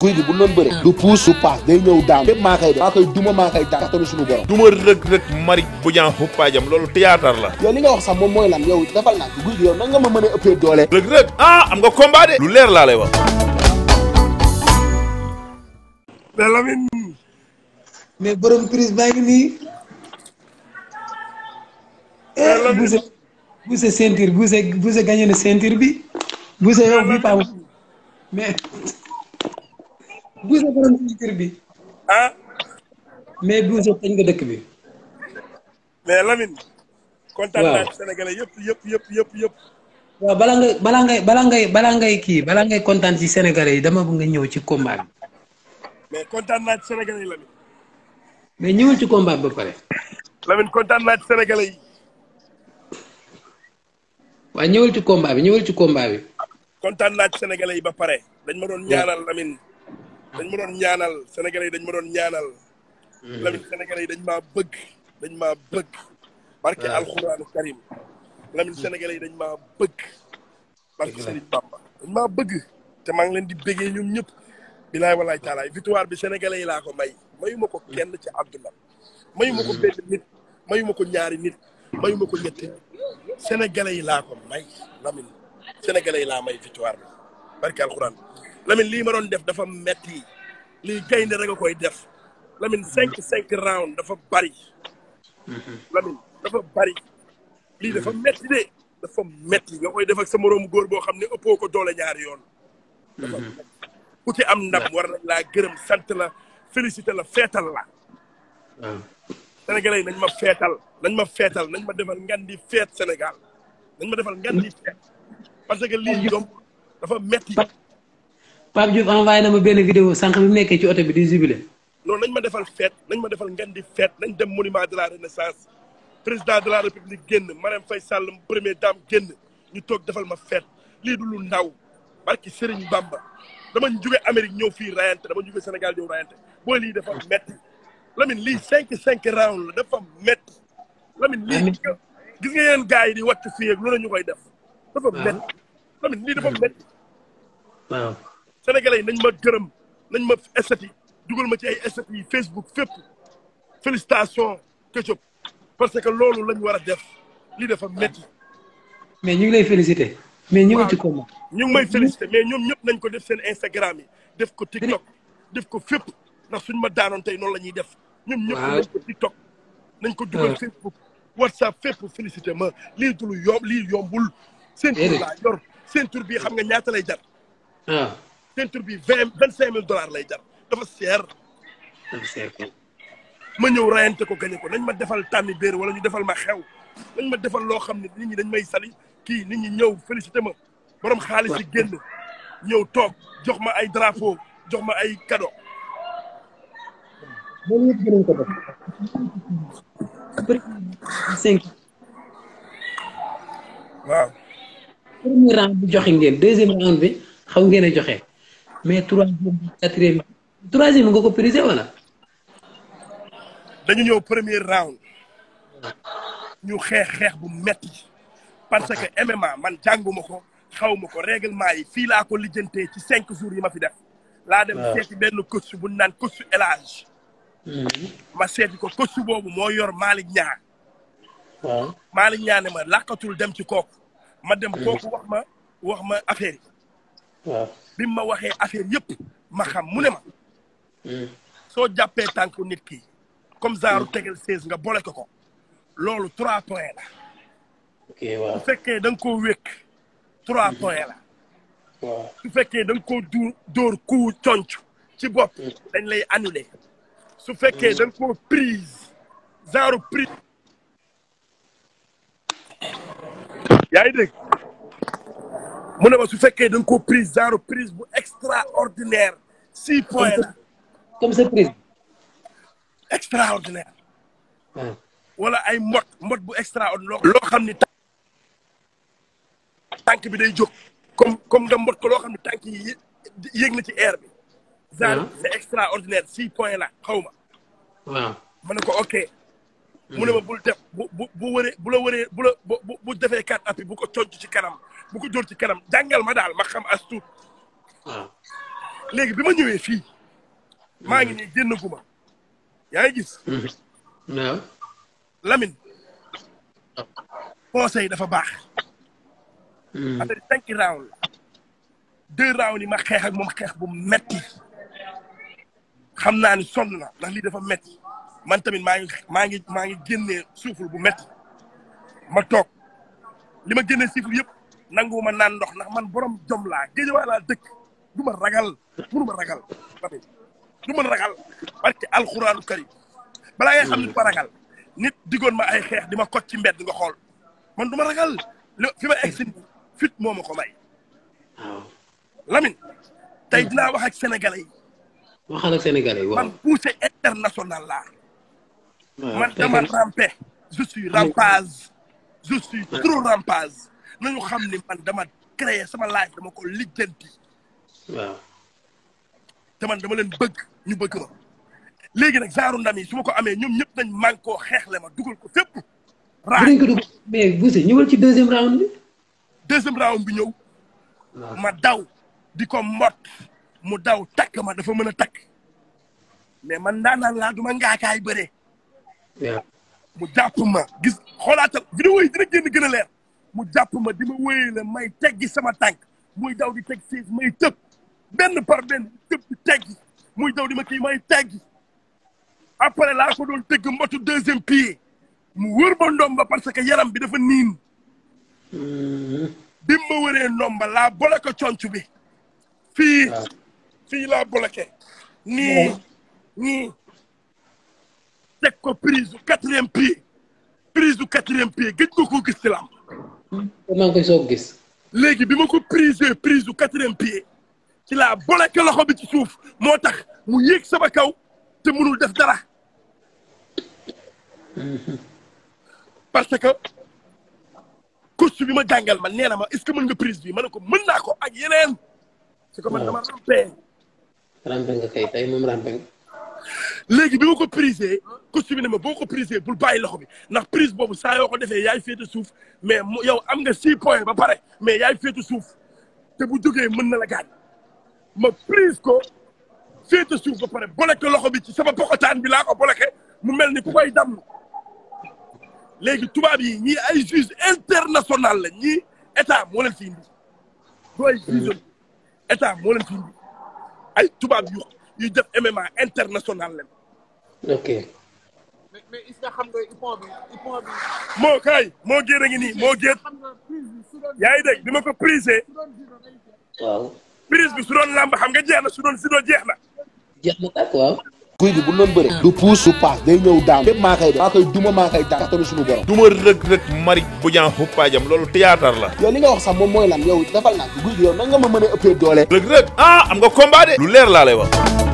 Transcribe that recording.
guy gi bu doon bëre ah. du puus su paas day ñëw daan lépp maa koy def maa koy duma maa koy daan tamit suñu borom duma rëg rëg mari bu ñaan xuppaajam loolu théâtre la yow li nga wax sax moom mooy lan yow defal naa guy gi yow nan nga ma mën a ëppee doole rëg rëg ah am nga combat de lu leer laa lay wax mais mais borom prise baa ngi nii eh, Bousse Bousse ceinture Bousse Bousse gagné na bi Bousse yow bi pa mais buuse borom kër bi. ah. mais buuse tañ nga dëkk bi. mais lamin kontaan naa ak sénégalais yëpp yëpp yëpp yëpp yëpp. waaw bala nga balaa ngay balaa ngay balaa ngay kii balaa ngay kontaan ci sénégalais yi dama bëgg nga ñëw ci combat bi. mais kontaan naa ci sénégalais yi Lamine. mais ñëwul ci combat ba pare. lamin kontaan naa ci yi. ci combat bi ñëwal ci combat bi. kontaan naa ci sénégalais yi ba pare dañ ma doon ñaanal Lamine. dañ ma doon ñaanal sénégalais yi dañ ma doon ñaanal hmm. Lamine sénégalais yi dañ ma bëgg dañ ma bëgg barke ah. alxuraanu karim Lamine hmm. sénégalais yi dañ ma bëgg barke Serigne maa bëgg te maa ngi leen di bëggee ñoom ñëpp bilaay walaay taalaay victoire bi sénégalais yi laa ko may mayuma ko hmm. kenn ci àdduna mayuma ko ko ñaari nit mayuma ko ñetti sénégalais yi laa ko may Lamine sénégalais yi laa may victoire bi barke alxuraan Lamine lii ma doon def dafa metti lii gaynde rek a koy def Lamine mhm. cinq cinq round dafa bari mhm. Lamine dafa bari lii dafa mhm. metti de dafa metti nga koy def ak sa moroomu góor boo xam ne ëppoo ko doole ñaar yoon dafa ku ci am ndam war laa gërëm sant la félicité la feetal la Sénégalais yi nañ ma feetal nañ ma feetal nañ ma defal ngan di feet Sénégal nañ ma defal ngan di feet parce que lii doom dafa metti Pape Diouf envoyé na ma benn vidéo sànq bi mu nekkee ci oto bi di jubilé. noonu nañ ma defal fête nañ ma defal ngeen di fête nañ dem monument de la renaissance président de la république génn Marème Faye Sall première dame génn ñu toog defal ma fête lii du lu ndaw barki Serigne Bamba dama jóge Amérique ñëw fii rayante dama jóge Sénégal ñëw rayante booy lii dafa métti Lamine lii cinq cinq round la dafa métti Lamine lii gis nga yeneen gars yi di wàcc fii ak lu ñu koy def dafa ah. métti Lamine lii dafa sénégale yi nañ ma gërëm nañ ma esthétique dugal ma ci ay esthétique yi Facebook fépp félicitation Ketchup parce que loolu lañ war a def lii dafa métti. mais ñu ngi lay félicité. mais ñëw ci comment. ñu ngi may félicité mais ñoom ñëpp nañ ko def seen Instagram yi def ko TikTok def ko fépp ndax suñ ma daanoon tey noonu la ñuy def. ñoom ñëpp nañ ko TikTok. nañ ko dugal ah. Facebook WhatsApp fépp félicité ma lii du lii yombul. seen tur laa yor seen xam nga ñaata lay jar. Ah. ceinture bi vingt vingt cinq mille dollars lay jar dafa seer. dafa ma ñëw rayante ko gañe ko nañ ma defal tànni béer wala ñu defal ma xew nañ ma defal loo xam ne nit ñi dañ may sali kii nit ñi ñëw félicité ma borom xaalis yi génn ñëw toog jox ma ay drapeau jox ma ay kado loolu yëpp dinañ ko cinq. waaw. premier bi joxe ngeen deuxième round bi xaw ngeen a joxe. mais troisième quatrième ko prisé wala. dañu ñëw premier round. ñu xeex xeex bu metti parce que MMA man jànguma ko xaw ma ko règlement yi fii laa ko lijjantee ci cinq jours yi ma fi def. laa dem seeti benn coach bu naan coach élage mm-hmm. ma seeti ko coach boobu moo yor Malick Niang. waaw Malick Niang ne ma làkkatul dem ci kooku. ma dem mm-hmm. kooku wax ma wax yi. waaw bi ma waxee affaire yëpp ma xam mu ne ma. Hmm. soo jàppee tànku nit ki comme zaaru hmm. tegel seize nga boole ko ko loolu trois points la. su fekkee da koo wékk trois hmm. points la. waaw su fekkee da nga koo du dóor ku conc ci bopp dañ lay annulé. su fekkee da koo prise zaaru prise. yaa ngi dégg. mu ne ma su fekkee da nga koo prise genre prise bu extraordinaire six points la comme sa prise extraordinaire wala ay mbot mbot bu extraordinaire loo xam ni tànk bi day jóg comme comme da mbot ko loo xam ne tànk yi na ci air bi genre c'est extraordinaire six points la xaw ma ma ne ko ok mu ne mm. ma bul def bu bu bu wëree bu la wëree bu la bu bu defee quatre appuis bu ko conc ci kanam bu ko jor ci kenam jàngal ma daal ma xam as tuut. Ah. léegi bi ma ñëwee fii. maa ngi nii génn guma yaa ngi gis. Mhm. waaw. Lamine. Ah. conseil dafa baax. Mhm. affaire cinq round la. deux round yi ma xeex ak moom xeex bu metti xam naa ni sonn na la lii dafa metti man tamit maa ngi maa ngi maa ngi génnee suuful bu metti ma toog li ma génnee suuful yëpp. nanguwuma naan ndox ndax man borom jom laa géejawaay laa dëkk du ma ragal mënu ma ragal ma ragal parce que alxuraanu karim balaa ngay xam ne du ma ragal nit diggoon ma ay xeex di ma kot ci mbedd nga xool man du ma ragal fi ma egsi fit moo ma ko may Lamine tey dinaa wax ak sénégalais yi waxal ak sénégalais yi man poussé international laa dama rampé je suis rampage je suis nañu xam ni man dama créer sama life dama ko lijjanti. waaw. te man dama leen bëgg ñu bëgg ma. léegi nag zaaru ndam yi su ma ko amee ñoom ñëpp nañ man koo xeexle ma dugal ko fépp. raadu dinañ mais Bousse ñëwal ci deuxième round bi. deuxième round ñëw. ma daw di ko mbot mu daw takk ma dafa mën a takk. mais man daanaan laa duma ngaakaay bëree. mu jàpp ma gis xoolaatal vidéo yi dina génn gën a leer. mu jàpp ma di ma wéyale may teggi sama tànk muy daw di teg siis may tëb benn par benn tëb di teggi muy daw di ma kii may teggi après laa ko doon tëgg mbotu deuxième pied mu wër ma ndomba parce que yaram bi defa niin mm-hmm. bi ma wëree ndomba laa bloqué conc bi fii ah. fii laa bloqué nii nii teg ko prise du quatrième pied prise du quatrième pied gëj nga ko gis ci maa ngi koy soog gis. léegi bi ma ko prise prise du quatrième pied ci laa bloqué loxo bi ci suuf moo tax mu yéeg sama kaw te mënul def dara. parce que course bi ma jàngal ma nee na ma est-ce que mën nga prise bi ma ne ko mën naa ko ak yeneen. waaw su ko man dama rampé. rampé nga kay tey moom rampé nga. léegi bi ma ko prisé costume ne ma boo ko prisé bul bàyyi loxo bi ndax prise boobu saa yoo ko defee yaay féete suuf mais yow am nga six points ba pare mais yaay féete suuf te bu jógee mën na la gaañ ma prise ko féete suuf ba pare bloqué loxo bi ci sama pokotaan bi laa ko bloqué mu mel ni ku koy damm léegi tubaab yi ñii ay juge international la ñii état moo leen fi indi du ay juge état moo leen fi indi ay tubaab yu yu def MMA international le ok. xam nga ipon bi moo kaay moo géer a ngi nii moo géer. yaa ngi dégg bi ma ko prisé. waaw. prise bi su doon làmb xam nga jeex na su doon si doon jeex na. jeex na tak waaw. guy gi bu doon bëre. du puus du paas day ñëw daam. lépp maa koy def maa koy duma maa koy daan. tamit suñu borom. duma rëg rëg mari bu jaan xuppaajam loolu théâtre la. yow ni nga wax sax moom mooy lan yow defal naa guy gi yow nan ma mën a ëppee doole. rëg rëg ah am nga combat de. lu leer laa lay wax.